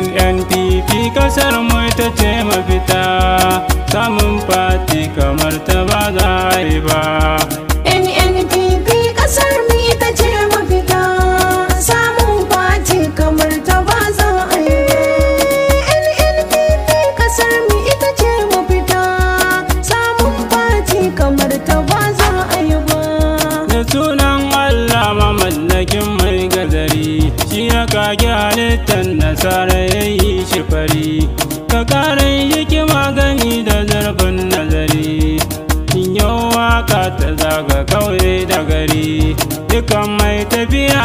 nnpp kasar mu ta ce mafita samun fati kamar ta ba za a yi ba nnpp kasar mu ita ce mafita samun fati kamar ta ba za a yi ba nnpp kasar mu ita ce mafita samun fati kamar ta ba za a yi ba da sunan allah mamallakin mai gazari, shi ya kage halittar nasa bari ka ƙarin hikima gani da zarfin nazari in yau waka ta zaga kawai da gari dukan mai tafiya